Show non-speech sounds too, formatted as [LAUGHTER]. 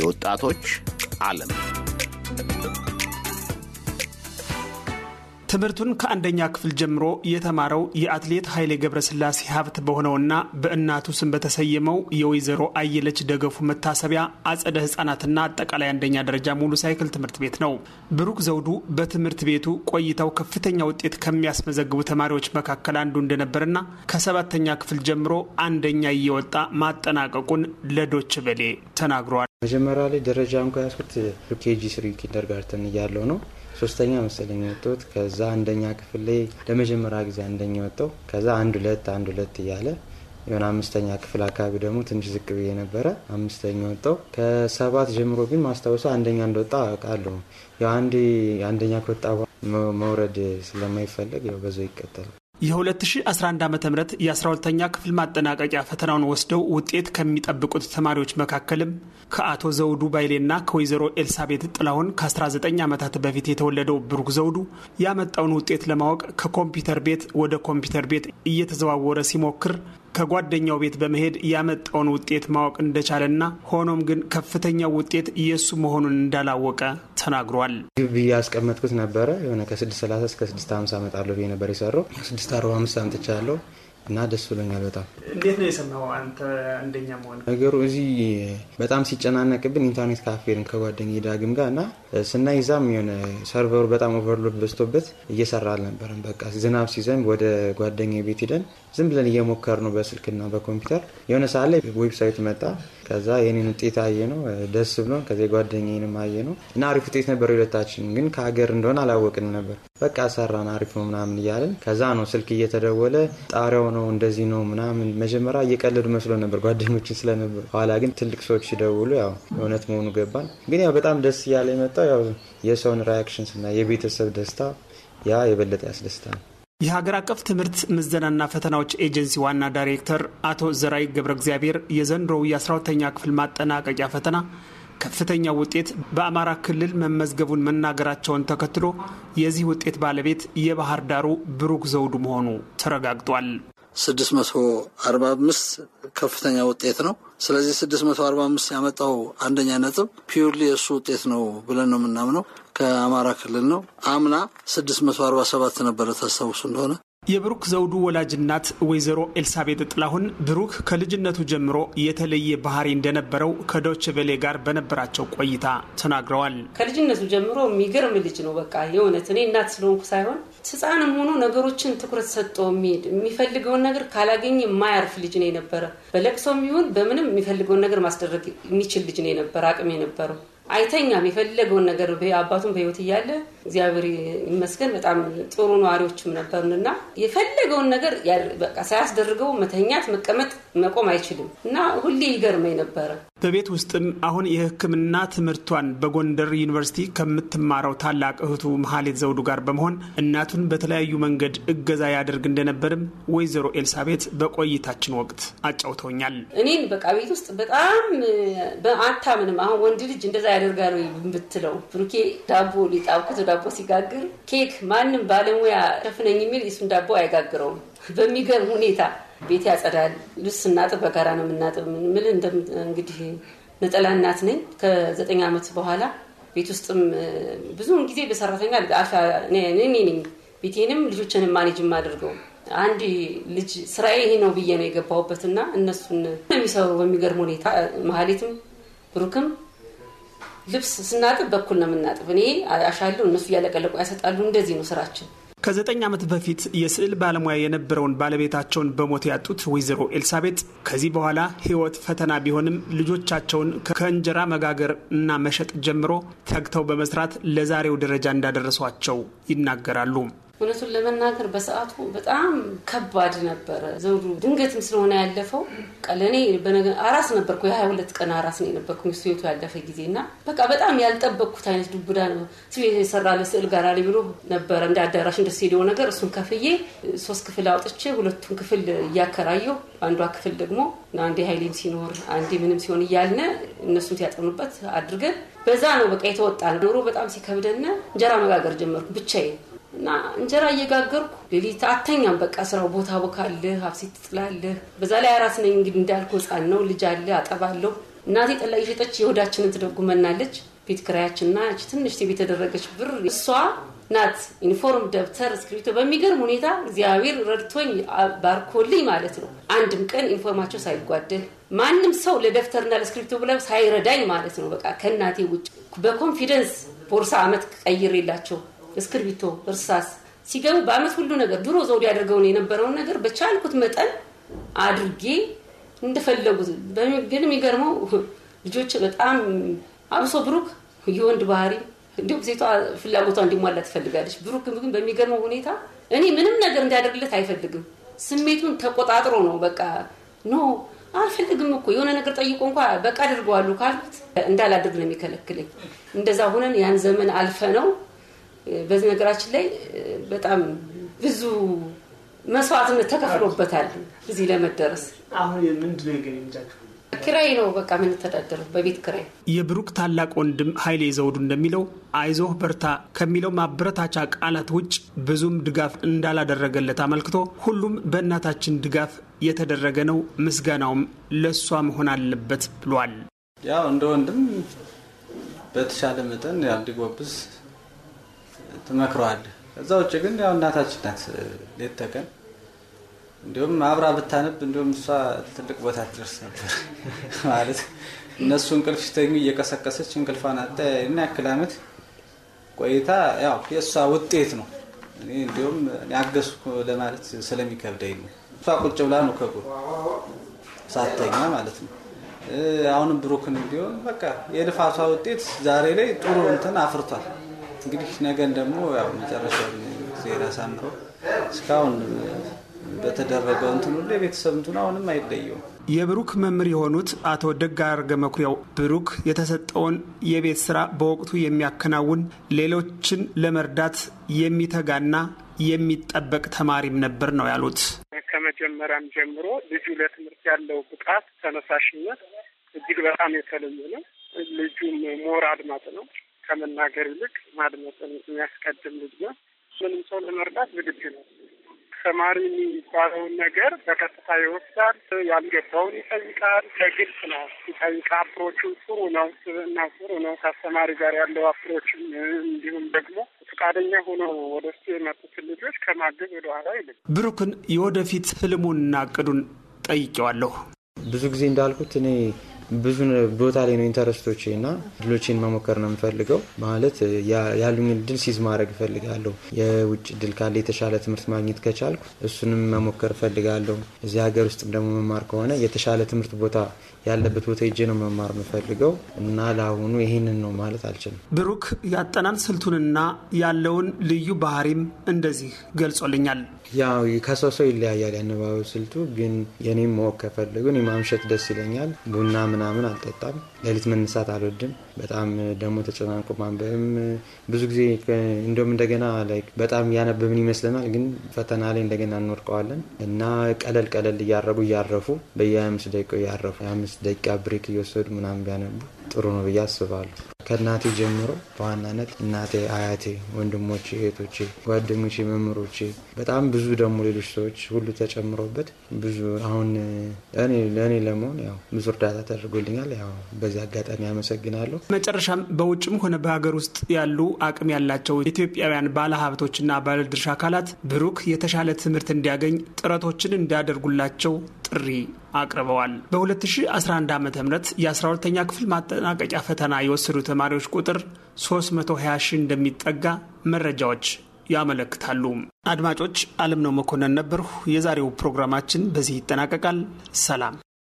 የወጣቶች ዓለም ትምህርቱን ከአንደኛ ክፍል ጀምሮ የተማረው የአትሌት ኃይሌ ገብረስላሴ ሀብት በሆነውና በእናቱ ስም በተሰየመው የወይዘሮ አየለች ደገፉ መታሰቢያ አጸደ ሕጻናትና አጠቃላይ አንደኛ ደረጃ ሙሉ ሳይክል ትምህርት ቤት ነው። ብሩክ ዘውዱ በትምህርት ቤቱ ቆይታው ከፍተኛ ውጤት ከሚያስመዘግቡ ተማሪዎች መካከል አንዱ እንደነበርና ከሰባተኛ ክፍል ጀምሮ አንደኛ እየወጣ ማጠናቀቁን ለዶች በሌ ተናግሯል። መጀመሪያ ላይ ደረጃ እንኳ ያስኩት ኬጂ ስሪ ኪንደርጋርተን እያለው ነው። ሶስተኛ መሰለኝ የወጣሁት። ከዛ አንደኛ ክፍል ላይ ለመጀመሪያ ጊዜ አንደኛ ወጣሁ። ከዛ አንድ ሁለት አንድ ሁለት እያለ የሆነ አምስተኛ ክፍል አካባቢ ደግሞ ትንሽ ዝቅ ብዬ ነበረ፣ አምስተኛ ወጣሁ። ከሰባት ጀምሮ ግን ማስታወሰ አንደኛ እንደወጣ አውቃለሁ። ያው አንዴ አንደኛ ከወጣ መውረድ ስለማይፈለግ ያው በዛው ይቀጠላል። የ2011 ዓ ም የ12ኛ ክፍል ማጠናቀቂያ ፈተናውን ወስደው ውጤት ከሚጠብቁት ተማሪዎች መካከልም ከአቶ ዘውዱ ባይሌና ከወይዘሮ ኤልሳቤት ጥላሁን ከ19 ዓመታት በፊት የተወለደው ብሩክ ዘውዱ ያመጣውን ውጤት ለማወቅ ከኮምፒውተር ቤት ወደ ኮምፒውተር ቤት እየተዘዋወረ ሲሞክር ከጓደኛው ቤት በመሄድ ያመጣውን ውጤት ማወቅ እንደቻለና ሆኖም ግን ከፍተኛው ውጤት የእሱ መሆኑን እንዳላወቀ ተናግሯል። ግብ እያስቀመጥኩት ነበረ የሆነ ከ630 እስከ 650 አመጣለሁ ብዬ ነበር የሰራው 645 አምጥቻለሁ እና ደስ ብሎኛል በጣም። እንዴት ነው የሰማው አንተ አንደኛ መሆን ነገሩ? እዚህ በጣም ሲጨናነቅብን ኢንተርኔት ካፌን ከጓደኛዬ ዳግም ጋር እና ስናይ እዛም የሆነ ሰርቨሩ በጣም ኦቨርሎድ በዝቶበት እየሰራ አልነበረም። በቃ ዝናብ ሲዘንብ ወደ ጓደኛ ቤት ሂደን ዝም ብለን እየሞከር ነው በስልክና በኮምፒውተር የሆነ ሰዓት ላይ ዌብሳይት መጣ። ከዛ የኔን ውጤት አየ ነው ደስ ብሎ ከዚያ ጓደኛዬንም አየ ነው እና አሪፍ ውጤት ነበር ሁለታችን፣ ግን ከሀገር እንደሆነ አላወቅን ነበር። በቃ ሰራን አሪፍ ነው ምናምን እያለን ከዛ ነው ስልክ እየተደወለ ጣሪያው ነው እንደዚህ ነው ምናምን። መጀመሪያ እየቀለዱ መስሎ ነበር ጓደኞችን ስለነበር ኋላ ግን ትልቅ ሰዎች ሲደውሉ ያው እውነት መሆኑ ገባን። ግን ያው በጣም ደስ እያለ የመጣው ያው የሰውን ሪያክሽን ስና የቤተሰብ ደስታ ያ የበለጠ ያስደስታል። የሀገር አቀፍ ትምህርት ምዘናና ፈተናዎች ኤጀንሲ ዋና ዳይሬክተር አቶ ዘራይ ገብረ እግዚአብሔር የዘንድሮው የ12ተኛ ክፍል ማጠናቀቂያ ፈተና ከፍተኛ ውጤት በአማራ ክልል መመዝገቡን መናገራቸውን ተከትሎ የዚህ ውጤት ባለቤት የባህር ዳሩ ብሩክ ዘውዱ መሆኑ ተረጋግጧል። 645 ከፍተኛ ውጤት ነው። ስለዚህ መቶ አምስት ያመጣው አንደኛ ነጥብ ፒውርሊ የእሱ ውጤት ነው ብለን ነው የምናምነው። ከአማራ ክልል ነው። አምና ሰባት ነበረ ታስታውሱ እንደሆነ የብሩክ ዘውዱ ወላጅናት ወይዘሮ ኤልሳቤጥ ጥላሁን ብሩክ ከልጅነቱ ጀምሮ የተለየ ባህሪ እንደነበረው ከዶች ቬሌ ጋር በነበራቸው ቆይታ ተናግረዋል። ከልጅነቱ ጀምሮ የሚገርም ልጅ ነው። በቃ የእውነት እኔ እናት ስለሆንኩ ሳይሆን ሕፃንም ሆኖ ነገሮችን ትኩረት ሰጥቶ የሚሄድ የሚፈልገውን ነገር ካላገኘ የማያርፍ ልጅ ነው የነበረ። በለቅሶም ይሁን በምንም የሚፈልገውን ነገር ማስደረግ የሚችል ልጅ ነው የነበረ። አቅም የነበረው አይተኛም። የፈለገውን ነገር አባቱን በህይወት እያለ እግዚአብሔር ይመስገን በጣም ጥሩ ነዋሪዎችም ነበርንና የፈለገውን ነገር ሳያስደርገው መተኛት፣ መቀመጥ፣ መቆም አይችልም እና ሁሌ ይገርመኝ ነበረ። በቤት ውስጥም አሁን የሕክምና ትምህርቷን በጎንደር ዩኒቨርሲቲ ከምትማረው ታላቅ እህቱ መሀሌት ዘውዱ ጋር በመሆን እናቱን በተለያዩ መንገድ እገዛ ያደርግ እንደነበርም ወይዘሮ ኤልሳቤት በቆይታችን ወቅት አጫውተውኛል። እኔን በቃ ቤት ውስጥ በጣም አታምንም። አሁን ወንድ ልጅ እንደዛ ያደርጋል ብትለው ብሩኬ ዳቦ ሊጣብኩት ዳቦ ሲጋግር ኬክ ማንም ባለሙያ ሸፍነኝ የሚል የሱን ዳቦ አይጋግረውም። በሚገርም ሁኔታ ቤት ያጸዳል። ልብስ ስናጥብ በጋራ ነው የምናጥብ። ምል እንግዲህ ነጠላ እናት ነኝ። ከዘጠኝ ዓመት በኋላ ቤት ውስጥም ብዙውን ጊዜ በሰራተኛ እኔ ነኝ ቤቴንም ልጆችንም ማኔጅ የማደርገው አንድ ልጅ ስራዬ ይሄ ነው ብዬ ነው የገባሁበትና እነሱን የሚሰሩ በሚገርም ሁኔታ መሀሌትም ብሩክም ልብስ ስናጥብ በኩል ነው የምናጥብ። እኔ አሻሉ፣ እነሱ እያለቀለቁ ያሰጣሉ። እንደዚህ ነው ስራችን። ከዘጠኝ ዓመት በፊት የስዕል ባለሙያ የነበረውን ባለቤታቸውን በሞት ያጡት ወይዘሮ ኤልሳቤጥ ከዚህ በኋላ ህይወት ፈተና ቢሆንም ልጆቻቸውን ከእንጀራ መጋገር እና መሸጥ ጀምሮ ተግተው በመስራት ለዛሬው ደረጃ እንዳደረሷቸው ይናገራሉ። እውነቱን ለመናገር በሰዓቱ በጣም ከባድ ነበረ። ዘውዱ ድንገትም ስለሆነ ያለፈው ቀለኔ አራስ ነበርኩ። የሀያ ሁለት ቀን አራስ ነው የነበርኩ ሚስቱ ያለፈ ጊዜ እና በቃ በጣም ያልጠበቅኩት አይነት ዱብዳ ነው የሰራ ለስዕል ጋራ ብሎ ነበረ እንደ አዳራሽ እንደ ስቱዲዮ ነገር። እሱን ከፍዬ ሶስት ክፍል አውጥቼ ሁለቱን ክፍል እያከራየሁ አንዷ ክፍል ደግሞ አንዴ ሀይሌም ሲኖር አንዴ ምንም ሲሆን እያልነ እነሱን ሲያጠኑበት አድርገን በዛ ነው በቃ የተወጣ ኑሮ በጣም ሲከብደን እንጀራ መጋገር ጀመርኩ ብቻዬን እና እንጀራ እየጋገርኩ ሌሊት አተኛም። በቃ ስራው ቦታ ቦካልህ፣ ሀብሴ ትጥላለህ። በዛ ላይ አራስ ነኝ እንግዲህ እንዳልኩ ህፃን ነው ልጅ አለ አጠባለሁ። እናቴ ጠላ እየሸጠች የሆዳችንን ትደጉመናለች። ቤት ክራያችንና ትንሽ ቤት የተደረገች ብር እሷ ናት ዩኒፎርም፣ ደብተር፣ እስክሪቶ በሚገርም ሁኔታ እግዚአብሔር ረድቶኝ ባርኮልኝ ማለት ነው። አንድም ቀን ዩኒፎርማቸው ሳይጓደል ማንም ሰው ለደብተርና ለእስክሪብቶ ብለው ሳይረዳኝ ማለት ነው። በቃ ከእናቴ ውጭ በኮንፊደንስ ቦርሳ አመት ቀይሬላቸው እስክርቢቶ፣ እርሳስ ሲገቡ በአመት ሁሉ ነገር ድሮ ዘውድ ያደርገውን የነበረውን ነገር በቻልኩት መጠን አድርጌ እንደፈለጉት ግን የሚገርመው ልጆች በጣም አብሶ ብሩክ የወንድ ባህሪ እንዲሁም ሴቷ ፍላጎቷ እንዲሟላ ትፈልጋለች። ብሩክ ግን በሚገርመው ሁኔታ እኔ ምንም ነገር እንዲያደርግለት አይፈልግም። ስሜቱን ተቆጣጥሮ ነው በቃ ኖ አልፈልግም እኮ የሆነ ነገር ጠይቆ እንኳ በቃ አድርገዋሉ ካሉት እንዳላደርግ ነው የሚከለክለኝ። እንደዛ ሁነን ያን ዘመን አልፈ ነው በዚህ ነገራችን ላይ በጣም ብዙ መስዋዕትነት ተከፍሎበታል እዚህ ለመደረስ። አሁን ምንድን ነው የገነጃችሁ? ነው በቃ የምንተዳደረው በቤት ክራይ። የብሩክ ታላቅ ወንድም ኃይሌ ዘውዱ እንደሚለው አይዞህ በርታ ከሚለው ማበረታቻ ቃላት ውጭ ብዙም ድጋፍ እንዳላደረገለት አመልክቶ ሁሉም በእናታችን ድጋፍ የተደረገ ነው፣ ምስጋናውም ለእሷ መሆን አለበት ብሏል። ያው እንደ ወንድም በተሻለ መጠን ያልዲጎብዝ ትመክረዋለህ። ከዛ ውጭ ግን ያው እናታችን ናት ሌት ተቀን እንዲሁም አብራ ብታነብ እንዲሁም እሷ ትልቅ ቦታ ትደርስ ነበር [LAUGHS] ማለት እነሱ እንቅልፍ ሲተኙ እየቀሰቀሰች እንቅልፏን አጠ እና ያክል አመት ቆይታ ያው የእሷ ውጤት ነው። እኔ እንዲሁም ያገዝ ለማለት ስለሚከብደኝ ነው። እሷ ቁጭ ብላ ነው ከጎ ሳተኛ ማለት ነው። አሁንም ብሩክን እንዲሆን በቃ የልፋቷ ውጤት ዛሬ ላይ ጥሩ እንትን አፍርቷል። እንግዲህ ነገን ደግሞ ያው መጨረሻውን ጊዜ አሳምረው እስካሁን በተደረገው እንትን ሁሉ የቤተሰብ እንትን አሁንም አይለየውም። የብሩክ መምህር የሆኑት አቶ ደጋርገ መኩሪያው ብሩክ የተሰጠውን የቤት ስራ በወቅቱ የሚያከናውን ሌሎችን ለመርዳት የሚተጋና የሚጠበቅ ተማሪም ነበር ነው ያሉት። ከመጀመሪያም ጀምሮ ልጁ ለትምህርት ያለው ብቃት፣ ተነሳሽነት እጅግ በጣም የተለየ ነው። ልጁም ሞራ ማጥ ነው ከመናገር ይልቅ ማድመጥን የሚያስቀድም ልጅ ነው። ምንም ሰው ለመርዳት ዝግጁ ነው። ተማሪ የሚባለውን ነገር በቀጥታ ይወስዳል። ያልገባውን ይጠይቃል። ከግልጽ ነው ይጠይቃ። አፕሮቹ ጥሩ ነው እና ጥሩ ነው ከአስተማሪ ጋር ያለው አፕሮችም እንዲሁም ደግሞ ፈቃደኛ ሆኖ ወደ ሱ የመጡትን ልጆች ከማገዝ ወደኋላ ይልም። ብሩክን የወደፊት ህልሙንና እቅዱን ጠይቄዋለሁ። ብዙ ጊዜ እንዳልኩት እኔ ብዙ ቦታ ላይ ነው ኢንተረስቶች እና ድሎችን መሞከር ነው የምፈልገው። ማለት ያሉኝን ድል ሲዝ ማድረግ እፈልጋለሁ። የውጭ ድል ካለ የተሻለ ትምህርት ማግኘት ከቻልኩ እሱንም መሞከር እፈልጋለሁ። እዚህ ሀገር ውስጥም ደግሞ መማር ከሆነ የተሻለ ትምህርት ቦታ ያለበት ቦታ ሄጄ ነው መማር የምፈልገው እና ለአሁኑ ይህንን ነው ማለት አልችልም። ብሩክ ያጠናን ስልቱንና ያለውን ልዩ ባህሪም እንደዚህ ገልጾልኛል። ያው ከሰው ሰው ይለያያል ያነባበብ ስልቱ ግን የኔም መወቅ ከፈለጉ የማምሸት ደስ ይለኛል ቡና ምናምን አልጠጣም። ሌሊት መነሳት አልወድም። በጣም ደግሞ ተጨናንቆ ማንበብም ብዙ ጊዜ እንደም እንደገና በጣም ያነበብን ይመስለናል፣ ግን ፈተና ላይ እንደገና እንወድቀዋለን እና ቀለል ቀለል እያረጉ እያረፉ በየ አምስት ደቂቃ እያረፉ አምስት ደቂቃ ብሬክ እየወሰዱ ምናምን ቢያነቡ ጥሩ ነው ብዬ አስባለሁ። ከእናቴ ጀምሮ በዋናነት እናቴ፣ አያቴ፣ ወንድሞቼ፣ እህቶቼ፣ ጓደኞቼ፣ መምህሮቼ በጣም ብዙ ደግሞ ሌሎች ሰዎች ሁሉ ተጨምሮበት ብዙ አሁን ለእኔ ለመሆን ያው ብዙ እርዳታ ተደርጎልኛል። ያው በዚህ አጋጣሚ አመሰግናለሁ። መጨረሻም በውጭም ሆነ በሀገር ውስጥ ያሉ አቅም ያላቸው ኢትዮጵያውያን ባለሀብቶችና ባለድርሻ አካላት ብሩክ የተሻለ ትምህርት እንዲያገኝ ጥረቶችን እንዲያደርጉላቸው ጥሪ አቅርበዋል። በ2011 ዓ ም የ12ኛ ክፍል ማጠናቀቂያ ፈተና የወሰዱ ተማሪዎች ቁጥር 320 ሺህ እንደሚጠጋ መረጃዎች ያመለክታሉ። አድማጮች፣ አለም ነው መኮንን ነበርሁ። የዛሬው ፕሮግራማችን በዚህ ይጠናቀቃል። ሰላም።